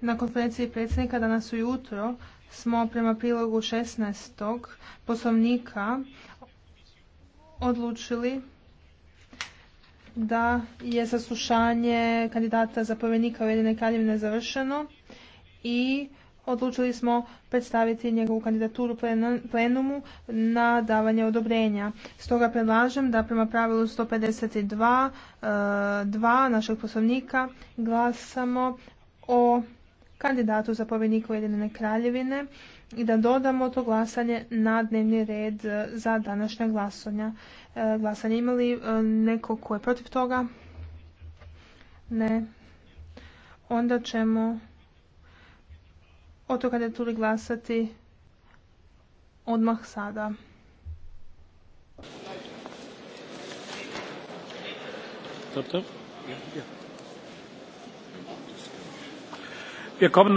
Na konferenciji predsjednika danas ujutro smo prema prilogu 16. poslovnika odlučili da je saslušanje kandidata za povjerenika Ujedine kraljevine završeno i odlučili smo predstaviti njegovu kandidaturu plenumu na davanje odobrenja. Stoga predlažem da prema pravilu 152 eh, našeg poslovnika glasamo o kandidatu za povjednika Ujedinjene kraljevine i da dodamo to glasanje na dnevni red eh, za današnja glasanja. Eh, glasanje imali neko ko je protiv toga? Ne. Onda ćemo o toga tuli glasati odmah sada. Wir kommen